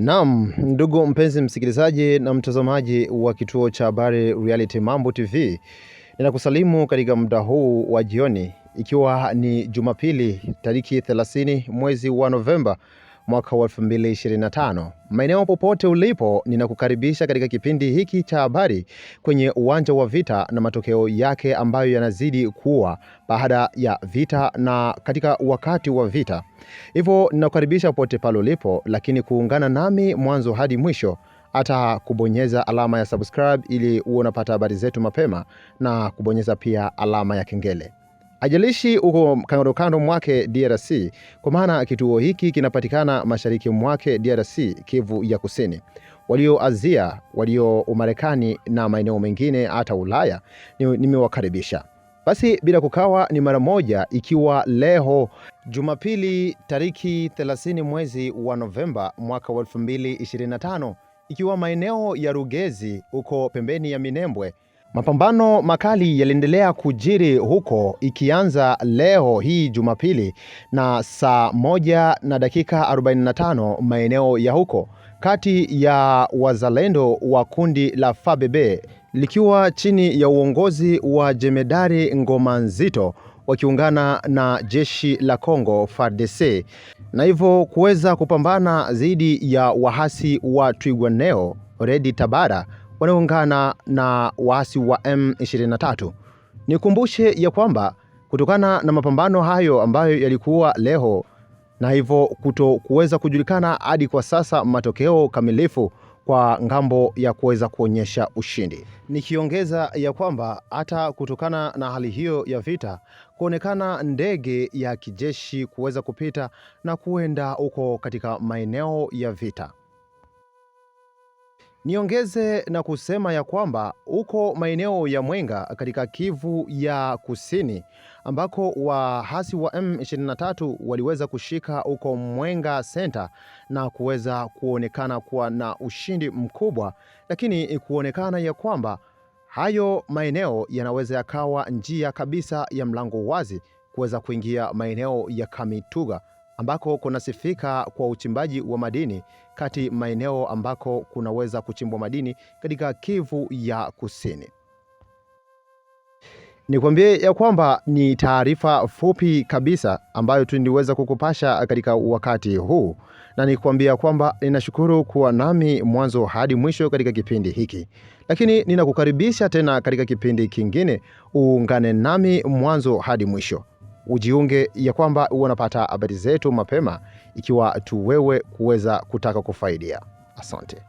Naam, ndugu mpenzi msikilizaji na mtazamaji wa kituo cha habari Reality Mambo TV, ninakusalimu katika muda huu wa jioni, ikiwa ni Jumapili tariki 30 mwezi wa Novemba mwaka wa 2025. Maeneo popote ulipo, ninakukaribisha katika kipindi hiki cha habari kwenye uwanja wa vita na matokeo yake ambayo yanazidi kuwa baada ya vita na katika wakati wa vita. Hivyo ninakukaribisha popote pale ulipo, lakini kuungana nami mwanzo hadi mwisho hata kubonyeza alama ya subscribe ili uwe unapata habari zetu mapema na kubonyeza pia alama ya kengele. Ajalishi uko kando kando mwake DRC, kwa maana kituo hiki kinapatikana mashariki mwake DRC, Kivu ya Kusini. Walio Azia, walio Umarekani na maeneo mengine hata Ulaya nimewakaribisha. Basi bila kukawa ni mara moja, ikiwa leo Jumapili tariki 30 mwezi wa Novemba mwaka wa 2025, ikiwa maeneo ya Rugezi huko pembeni ya Minembwe Mapambano makali yaliendelea kujiri huko, ikianza leo hii Jumapili na saa moja na dakika 45 maeneo ya huko, kati ya wazalendo wa kundi la FABB likiwa chini ya uongozi wa Jemedari Ngoma Nzito wakiungana na jeshi la Kongo FARDC na hivyo kuweza kupambana dhidi ya wahasi wa Twigwaneo redi Tabara wanaoungana na waasi wa M23. Nikumbushe ya kwamba kutokana na mapambano hayo ambayo yalikuwa leo na hivyo kuto kuweza kujulikana hadi kwa sasa matokeo kamilifu kwa ngambo ya kuweza kuonyesha ushindi. Nikiongeza ya kwamba hata kutokana na hali hiyo ya vita, kuonekana ndege ya kijeshi kuweza kupita na kuenda huko katika maeneo ya vita Niongeze na kusema ya kwamba huko maeneo ya Mwenga katika Kivu ya Kusini ambako waasi wa M23 waliweza kushika huko Mwenga Center na kuweza kuonekana kuwa na ushindi mkubwa, lakini kuonekana ya kwamba hayo maeneo yanaweza yakawa njia kabisa ya mlango wazi kuweza kuingia maeneo ya Kamituga ambako kunasifika kwa uchimbaji wa madini kati maeneo ambako kunaweza kuchimbwa madini katika Kivu ya Kusini. Nikwambie ya kwamba ni taarifa fupi kabisa ambayo tu niliweza kukupasha katika wakati huu, na nikwambia kwamba ninashukuru kuwa nami mwanzo hadi mwisho katika kipindi hiki, lakini ninakukaribisha tena katika kipindi kingine, uungane nami mwanzo hadi mwisho ujiunge, ya kwamba huwa unapata habari zetu mapema, ikiwa tu wewe kuweza kutaka kufaidia. Asante.